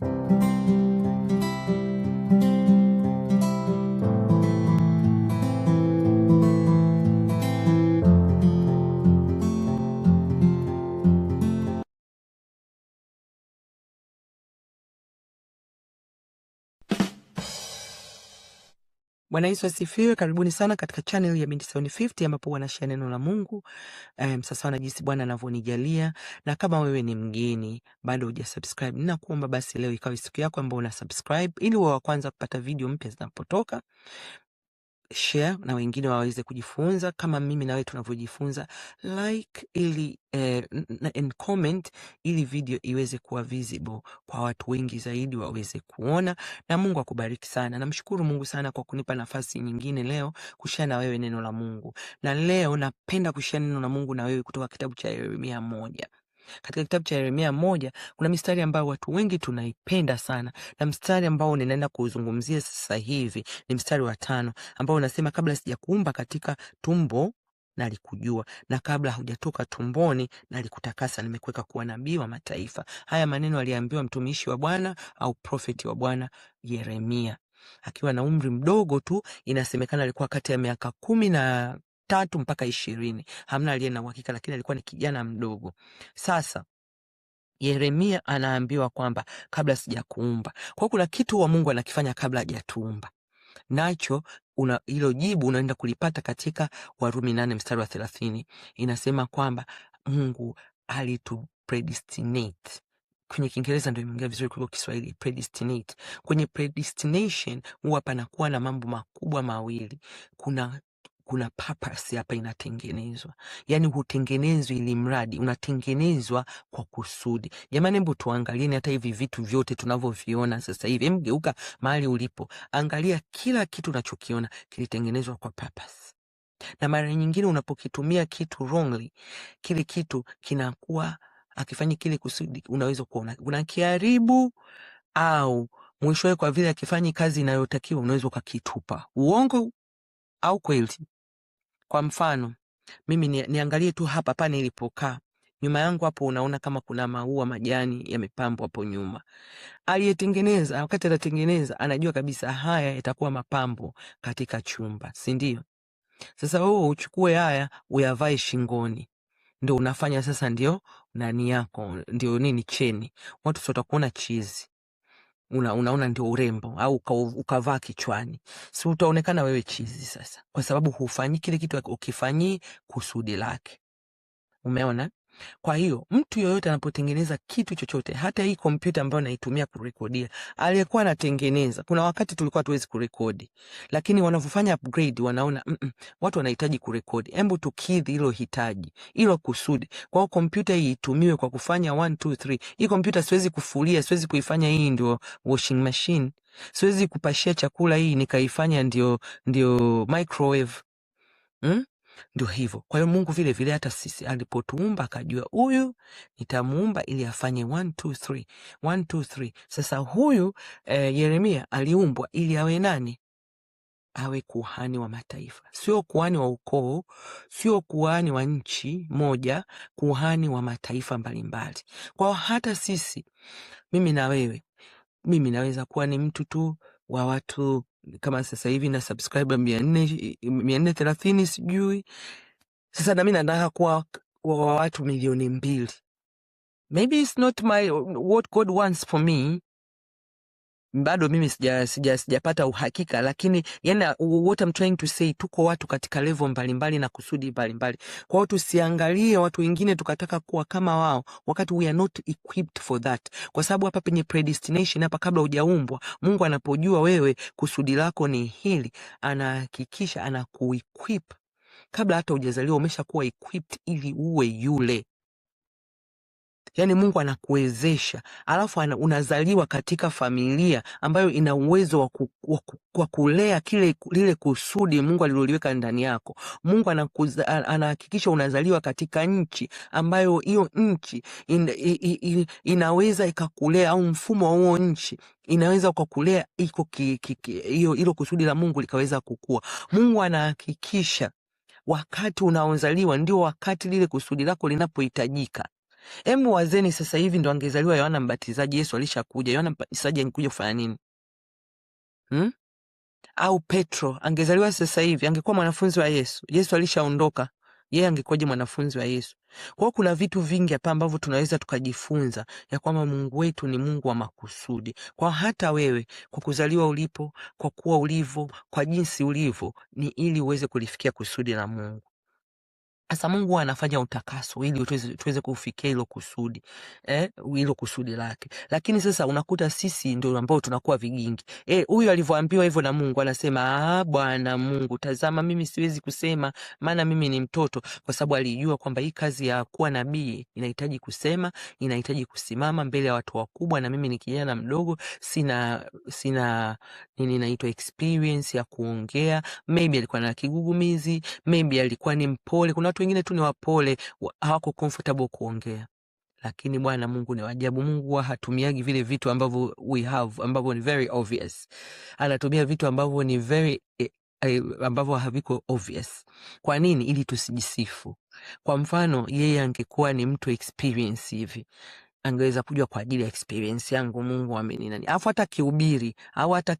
thank you Bwana Yesu asifiwe. Karibuni sana katika channel ya Binti Sayuni 50 ambapo wanashia neno la Mungu um, sasa na jinsi Bwana anavyonijalia. Na kama wewe ni mgeni bado hujasubscribe, ninakuomba basi leo ikawe siku yako ambayo una subscribe ili wa kwanza kupata video mpya zinapotoka share na wengine waweze kujifunza kama mimi wewe tunavyojifunza. Like ili eh, and comment ili video iweze kuwa visible kwa watu wengi zaidi waweze kuona, na Mungu akubariki sana. Namshukuru Mungu sana kwa kunipa nafasi nyingine leo kushare na wewe neno la Mungu, na leo napenda kushare neno la Mungu na wewe kutoka kitabu cha Yeremia moja. Katika kitabu cha Yeremia moja kuna mistari ambayo watu wengi tunaipenda sana, na mstari ambao ninaenda kuuzungumzia sasa hivi ni mstari wa tano ambao unasema, kabla sijakuumba katika tumbo nalikujua na kabla hujatoka tumboni nalikutakasa, nimekuweka kuwa nabii wa mataifa. Haya maneno aliambiwa mtumishi wa Bwana au profeti wa Bwana Yeremia akiwa na umri mdogo tu. Inasemekana alikuwa kati ya miaka kumi na tatu mpaka ishirini, hamna aliye na uhakika, lakini alikuwa ni kijana mdogo. Sasa Yeremia anaambiwa kwamba kabla sijakuumba, kwa kuna kitu wa Mungu anakifanya kabla hajatuumba nacho una hilo jibu unaenda kulipata katika Warumi nane mstari wa thelathini inasema kwamba Mungu alitu predestinate Kwenye Kiingereza ndio imeongea vizuri kuliko Kiswahili, predestinate. Kwenye predestination huwa panakuwa na mambo makubwa mawili, kuna kuna purpose hapa inatengenezwa, yaani hutengenezwi ili mradi, unatengenezwa kwa kusudi. Jamani, hebu tuangalieni hata hivi vitu vyote tunavyoviona sasa hivi. Mgeuka mahali ulipo, angalia kila kitu unachokiona kilitengenezwa kwa purpose. Na mara nyingine unapokitumia kitu wrongly, kile kitu kinakuwa akifanyi kile kusudi, unaweza kuona unakiharibu au mwishowe, kwa vile akifanyi kazi inayotakiwa, unaweza ukakitupa. Uongo au kweli? Kwa mfano mimi ni, niangalie tu hapa hapa nilipokaa nyuma yangu hapo, unaona kama kuna maua majani yamepambwa hapo nyuma. Aliyetengeneza wakati anatengeneza anajua kabisa haya yatakuwa mapambo katika chumba, si ndio? Sasa wewe uchukue haya uyavae shingoni, ndio unafanya sasa, ndio nani yako, ndio nini cheni, watu watakuona chizi una, unaona ndio urembo au ukavaa kichwani, si utaonekana wewe chizi sasa, kwa sababu hufanyi kile kitu ukifanyii kusudi lake. Umeona? Kwa hiyo mtu yoyote anapotengeneza kitu chochote, hata hii kompyuta ambayo naitumia kurekodia, aliyekuwa anatengeneza, kuna wakati tulikuwa tuwezi kurekodi, lakini wanavyofanya upgrade wanaona mm -mm, watu wanahitaji kurekodi, hebu tukidhi hilo hitaji, hilo kusudi. Kwa hiyo kompyuta hii itumiwe kwa kufanya 1 2 3. Hii kompyuta siwezi kufulia, siwezi kuifanya hii ndio washing machine, siwezi kupashia chakula hii nikaifanya ndio ndio microwave. Hmm? Ndio hivyo. Kwa hiyo Mungu vile vile hata sisi alipotuumba akajua huyu nitamuumba ili afanye 1 2 3 1 2 Sasa huyu eh, Yeremia aliumbwa ili awe nani? Awe kuhani wa mataifa, sio kuhani wa ukoo, sio kuhani wa nchi moja, kuhani wa mataifa mbalimbali. Kwa hata sisi, mimi na wewe, mimi naweza kuwa ni mtu tu wa watu kama sasa hivi na subscribe mia nne mia nne thelathini sijui. Sasa nami nataka kuwa wa watu milioni mbili. Maybe it's not my what God wants for me bado mimi sija sija sijapata uhakika, lakini yani, uh, what I'm trying to say, tuko watu katika levo mbalimbali na kusudi mbalimbali. Kwa hiyo tusiangalie watu wengine tukataka kuwa kama wao, wakati we are not equipped for that, kwa sababu hapa penye predestination, hapa kabla hujaumbwa, Mungu anapojua wewe kusudi lako ni hili, anahakikisha anakuequip kabla hata hujazaliwa umeshakuwa equipped ili uwe yule. Yaani Mungu anakuwezesha, alafu ana, unazaliwa katika familia ambayo ina uwezo wa kulea kile lile kusudi Mungu aliloliweka ndani yako. Mungu anahakikisha unazaliwa katika nchi ambayo hiyo nchi in, in, in, inaweza ikakulea au mfumo wa huo nchi inaweza ukakulea iko hiyo hilo kusudi la Mungu likaweza kukua. Mungu anahakikisha wakati unaozaliwa ndio wakati lile kusudi lako linapohitajika. Hebu wazeni sasa hivi ndo angezaliwa Yohana Mbatizaji, Yesu alishakuja. Yohana Mbatizaji angekuja kufanya nini? Hmm? Au Petro angezaliwa sasa hivi, angekuwa mwanafunzi wa Yesu. Yesu alishaondoka, yeye angekuwaje mwanafunzi wa Yesu? Kwa hiyo kuna vitu vingi hapa ambavyo tunaweza tukajifunza ya kwamba Mungu wetu ni Mungu wa makusudi. Kwa hata wewe kwa kuzaliwa ulipo, kwa kuwa ulivyo, kwa jinsi ulivyo, ni ili uweze kulifikia kusudi la Mungu. Sasa Mungu anafanya utakaso ili tuweze, tuweze kufikia hilo kusudi eh, hilo kusudi lake. Lakini sasa unakuta sisi ndio ambao tunakuwa vigingi eh. Huyu alivyoambiwa hivyo na Mungu anasema ah, Bwana Mungu, tazama mimi siwezi kusema, maana mimi ni mtoto, kwa sababu alijua kwamba hii kazi ya kuwa nabii inahitaji kusema, inahitaji kusimama mbele ya watu wakubwa, na mimi ni kijana mdogo, sina sina nini naitwa experience ya kuongea. Maybe alikuwa na kigugumizi, maybe alikuwa ni mpole. Kuna watu wengine tu ni wapole, hawako comfortable kuongea lakini Bwana Mungu ni wajabu. Mungu wa hatumiagi vile vitu ambavyo we have ambavyo ni very obvious, anatumia vitu ambavyo ni very eh, eh, ambavyo haviko obvious. Kwa nini? Ili tusijisifu. Kwa mfano, yeye angekuwa ni mtu experience hivi angeweza kuja kwa ajili ya experience yangu, Mungu ameni nani. Alafu hata akihubiri au hata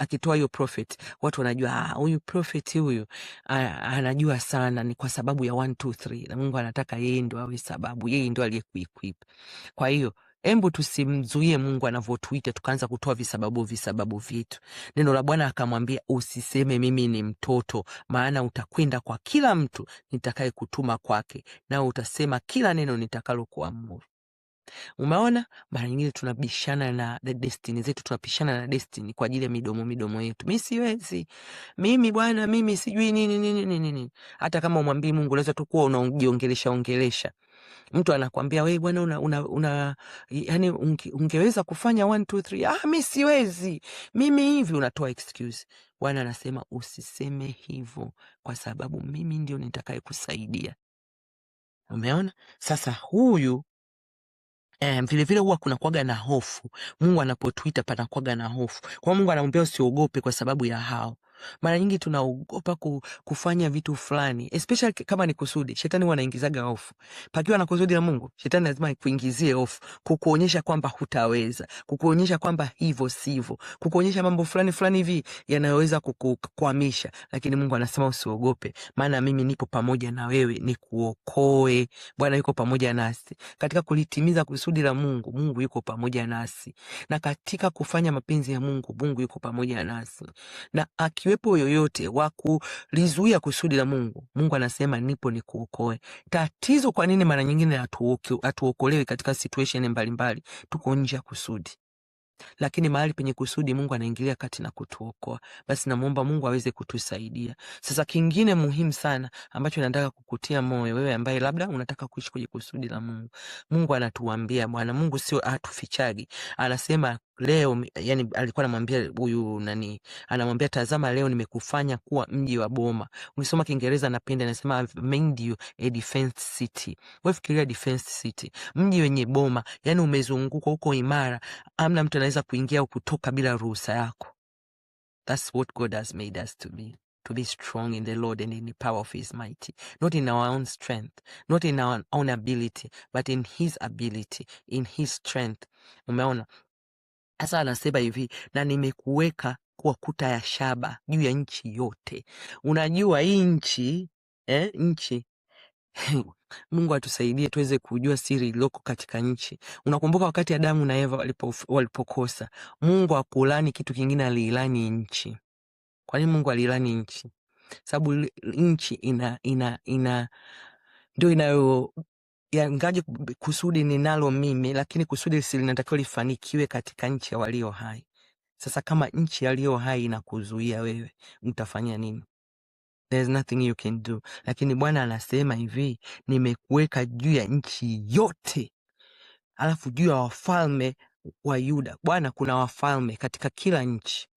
akitoa hiyo prophet, watu wanajua ah, huyu prophet huyu anajua sana, ni kwa sababu ya 1 2 3 na Mungu anataka yeye ndo awe sababu, yeye ndo aliyekuequip. Kwa hiyo Embu tusimzuie Mungu anavyotuita tukaanza kutoa visababu visababu vitu. Neno la Bwana akamwambia usiseme mimi ni mtoto, maana utakwenda kwa kila mtu nitakaye kutuma kwake, nao utasema kila neno nitakalokuamuru. Umeona, mara nyingine tunabishana na destiny zetu, tunapishana na destiny kwa ajili ya midomo midomo yetu. Mi siwezi mimi bwana, mimi sijui nini nini nini nini. Hata kama umwambii Mungu, unaweza tu kuwa unajiongelesha ongelesha. Mtu anakwambia wewe bwana, una, una, una yani unge, ungeweza kufanya 1 2 3. Ah, mi siwezi mimi hivi, unatoa excuse. Bwana anasema usiseme hivyo, kwa sababu mimi ndio nitakaye kusaidia. Umeona sasa, huyu Um, vile vile huwa kuna kwaga na hofu. Mungu anapotuita pana na hofu. Kwa Mungu anamwambia usiogope kwa sababu ya hao. Mara nyingi tunaogopa kufanya vitu fulani, especially kama ni kusudi. Shetani wanaingizaga hofu. Pakiwa na kusudi la Mungu, shetani lazima kuingizie hofu, kukuonyesha kwamba hutaweza, kukuonyesha kwamba hivyo sivyo, kukuonyesha mambo fulani fulani hivi yanayoweza kukukwamisha. Lakini Mungu anasema usiogope, maana mimi nipo pamoja na wewe, nikuokoe. Bwana yuko pamoja nasi katika kulitimiza kusudi la Mungu. Mungu yuko pamoja nasi na katika kufanya mapenzi ya Mungu, Mungu yuko pamoja nasi na aki pasiwepo yoyote wa kulizuia kusudi la Mungu. Mungu anasema nipo ni kuokoe. Tatizo kwa nini mara nyingine hatuokolewi katika situation mbalimbali? Tuko nje ya kusudi lakini mahali penye kusudi Mungu anaingilia kati na kutuokoa. Basi namwomba Mungu aweze kutusaidia. Sasa kingine muhimu sana ambacho nataka kukutia moyo wewe ambaye labda unataka kuishi kwenye kusudi la Mungu, Mungu anatuambia Bwana Mungu sio atufichagi, anasema leo yani, alikuwa anamwambia huyu nani, anamwambia tazama, leo nimekufanya kuwa mji wa boma. Ukisoma Kiingereza napenda, anasema I've made you a defense city. wefikiria defense city, mji wenye boma, yani umezungukwa huko, imara, amna mtu anaweza kuingia au kutoka bila ruhusa yako. That's what God has made us to be to be strong in the Lord and in the power of his mighty, not in our own strength, not in our own ability, but in his ability, in his strength. Umeona Hasa anasema hivi, na nimekuweka kuwa kuta ya shaba juu ya nchi yote. Unajua hii nchi eh, nchi Mungu atusaidie tuweze kujua siri iliyoko katika nchi. Unakumbuka wakati Adamu na Eva walipo, walipokosa Mungu akulani kitu kingine, aliilani nchi. Kwa nini Mungu aliilani nchi? Sababu nchi ina ina ina ndio inayo ya kusudi ninalo mimi, lakini kusudi linatakiwa lifanikiwe katika nchi ya walio hai. Sasa kama nchi yaliyo hai inakuzuia wewe, mtafanya nini? There's nothing you can do. Lakini Bwana anasema hivi, nimekuweka juu ya nchi yote, alafu juu ya wafalme wa Yuda. Bwana, kuna wafalme katika kila nchi.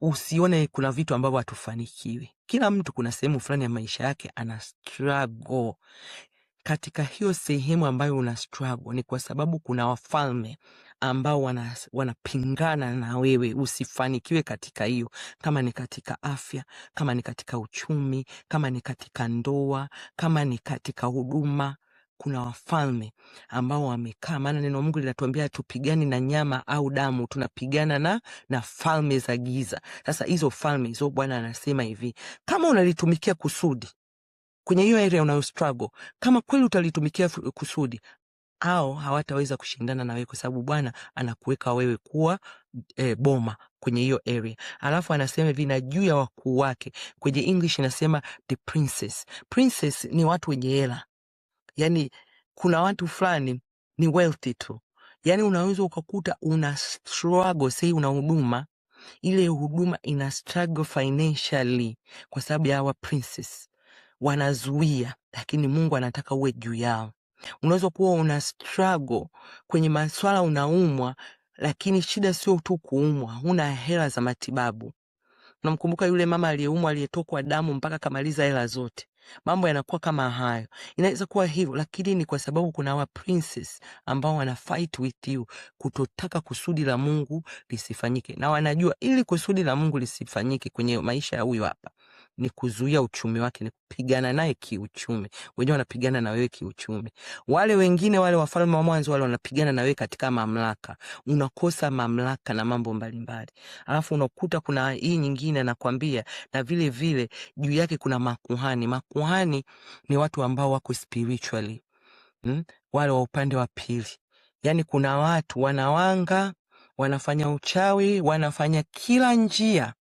Usione kuna vitu ambavyo hatufanikiwi. Kila mtu kuna sehemu fulani ya maisha yake ana struggle katika hiyo sehemu ambayo una struggle ni kwa sababu kuna wafalme ambao wana, wanapingana na wewe usifanikiwe katika hiyo, kama ni katika afya, kama ni katika uchumi, kama ni katika ndoa, kama ni katika huduma kuna wafalme ambao wamekaa. Maana neno Mungu linatuambia tupigani na nyama au damu, tunapigana na na falme za giza. Sasa hizo falme hizo, Bwana anasema hivi, kama unalitumikia kusudi kwenye hiyo area unayo struggle, kama kweli utalitumikia kusudi au hawataweza kushindana na wewe kwa sababu Bwana anakuweka wewe kuwa e, boma kwenye hiyo area. Alafu anasema hivi na juu ya wakuu wake, kwenye English inasema the princess. Princess ni watu wenye hela, yani kuna watu fulani ni wealthy tu, yani unaweza ukakuta una struggle sei, una huduma ile huduma ina struggle financially kwa sababu ya hawa princess wanazuia, lakini Mungu anataka uwe juu yao. Unaweza kuwa una struggle kwenye maswala, unaumwa, lakini shida sio tu kuumwa, huna hela za matibabu. Namkumbuka yule mama aliyeumwa aliyetokwa damu mpaka kamaliza hela zote. Mambo yanakuwa kama hayo, inaweza kuwa hivyo, lakini ni kwa sababu kuna wa princes ambao wana fight with you, kutotaka kusudi la Mungu lisifanyike, na wanajua ili kusudi la Mungu lisifanyike kwenye maisha ya huyu hapa ni kuzuia uchumi wake, ni kupigana naye kiuchumi. Wenyewe wanapigana na wewe kiuchumi, wale wengine, wale wafalme wa mwanzo wale wanapigana na wewe katika mamlaka, unakosa mamlaka na mambo mbalimbali. Alafu unakuta kuna hii nyingine anakwambia, na vile vile juu yake kuna makuhani. Makuhani ni watu ambao wako spiritually hmm? wale wa upande wa pili, yani kuna watu wanawanga wanafanya uchawi, wanafanya kila njia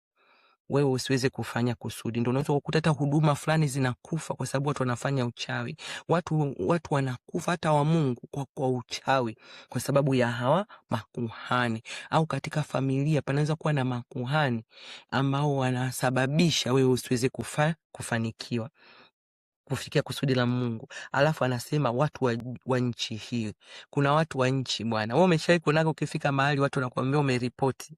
wewe usiweze kufanya kusudi. Ndio unaweza kukuta hata huduma fulani zinakufa kwa sababu watu wanafanya uchawi. Watu, watu wanakufa hata wa Mungu kwa, kwa uchawi kwa sababu ya hawa makuhani. Au katika familia panaweza kuwa na makuhani ambao wanasababisha wewe usiweze kufa, kufanikiwa kufikia kusudi la Mungu. Alafu anasema watu wa, wa nchi hiyo. Kuna watu wa nchi bwana. Wewe umeshawahi kunako ukifika mahali watu wanakuambia umeripoti.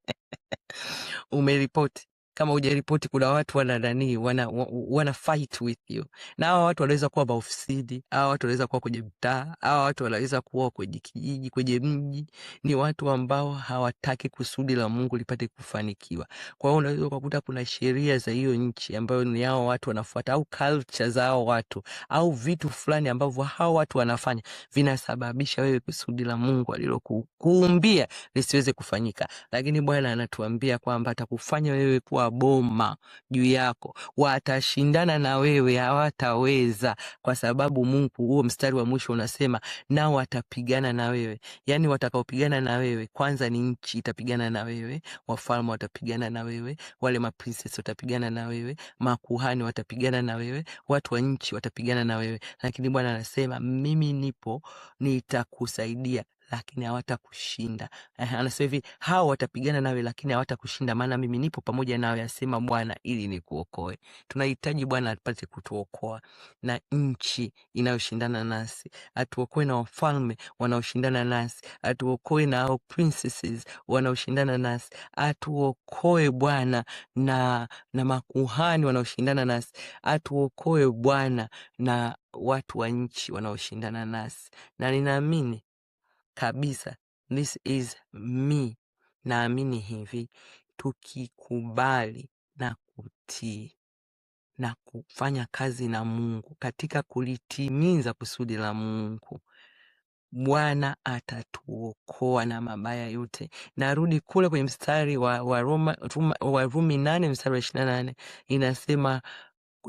Umeripoti kama ujaripoti kuna watu wana nani, wana, wana fight with you, na hawa watu wanaweza kuwa maofisini, hawa watu wanaweza kuwa kwenye mtaa, hawa watu wanaweza kuwa kwenye kijiji, kwenye mji. Ni watu ambao hawataki kusudi la Mungu lipate kufanikiwa. Kwa hiyo unaweza ukakuta kuna sheria za hiyo nchi ambayo ni hao watu wanafuata, au culture za hao watu, au vitu fulani ambavyo hao watu wanafanya vinasababisha wewe kusudi la Mungu alilokuumbia lisiweze kufanyika, lakini Bwana anatuambia kwamba atakufanya wewe kuwa boma juu yako, watashindana na wewe, hawataweza kwa sababu Mungu, huo mstari wa mwisho unasema nao watapigana na wewe. Yani watakaopigana na wewe, kwanza ni nchi itapigana na wewe, wafalme watapigana na wewe, wale maprinses watapigana na wewe, makuhani watapigana na wewe, watu wa nchi watapigana na wewe, lakini Bwana anasema mimi nipo, nitakusaidia lakini hawatakushinda. Anasema hivi, hao watapigana nawe, lakini hawatakushinda, maana mimi nipo pamoja nawe, asema Bwana, ili nikuokoe. Tunahitaji Bwana apate kutuokoa na nchi inayoshindana nasi, atuokoe na wafalme wanaoshindana nasi, atuokoe na hao princesses wanaoshindana nasi, atuokoe Bwana na, na makuhani wanaoshindana nasi, atuokoe Bwana na watu wa nchi wanaoshindana nasi, na ninaamini kabisa, this is me. Naamini hivi, tukikubali na kutii na kufanya kazi na Mungu katika kulitimiza kusudi la Mungu, Bwana atatuokoa na mabaya yote. Narudi kule kwenye mstari wa rumi nane mstari wa ishirini na nane inasema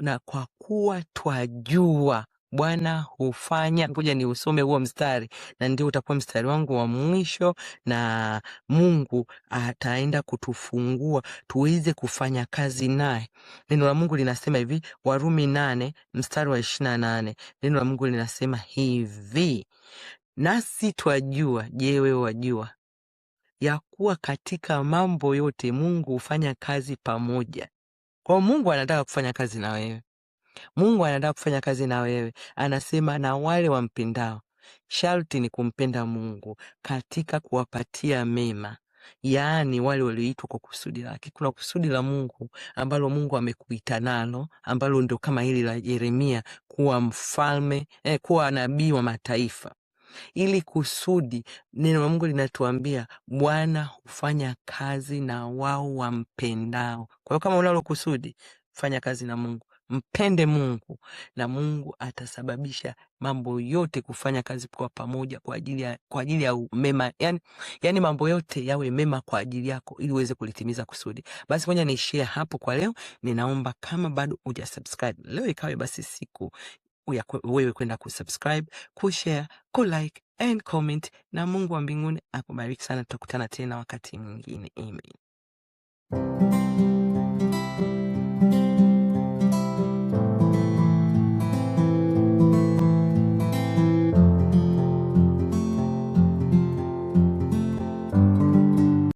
na kwa kuwa twajua Bwana hufanya. Ngoja ni usome huo mstari, na ndio utakuwa mstari wangu wa mwisho, na Mungu ataenda kutufungua tuweze kufanya kazi naye. Neno la Mungu linasema hivi, Warumi nane mstari wa ishirini na nane neno la Mungu linasema hivi, nasi twajua, je, wewe wajua ya kuwa katika mambo yote Mungu hufanya kazi pamoja. Kwa Mungu anataka kufanya kazi na wewe Mungu anataka kufanya kazi na wewe, anasema na wale wampendao. Sharti ni kumpenda Mungu katika kuwapatia mema, yaani wale walioitwa kwa kusudi lake. Kuna kusudi la Mungu ambalo Mungu amekuita nalo, ambalo ndio kama hili la Yeremia, kuwa mfalme eh, kuwa nabii wa mataifa ili kusudi. Neno la Mungu linatuambia Bwana hufanya kazi na wao wampendao. Kwa hiyo kama unalo kusudi, fanya kazi na Mungu. Mpende Mungu na Mungu atasababisha mambo yote kufanya kazi kwa pamoja kwa ajili ya, kwa ajili ya mema yani, yani mambo yote yawe mema kwa ajili yako ili uweze kulitimiza kusudi. Basi moja niishie hapo kwa leo. Ninaomba kama bado uja subscribe leo, ikawe basi siku wewe kwenda kusubscribe, kushare, kulike and comment, na Mungu wa mbinguni akubariki sana. Tutakutana tena wakati mwingine, amen.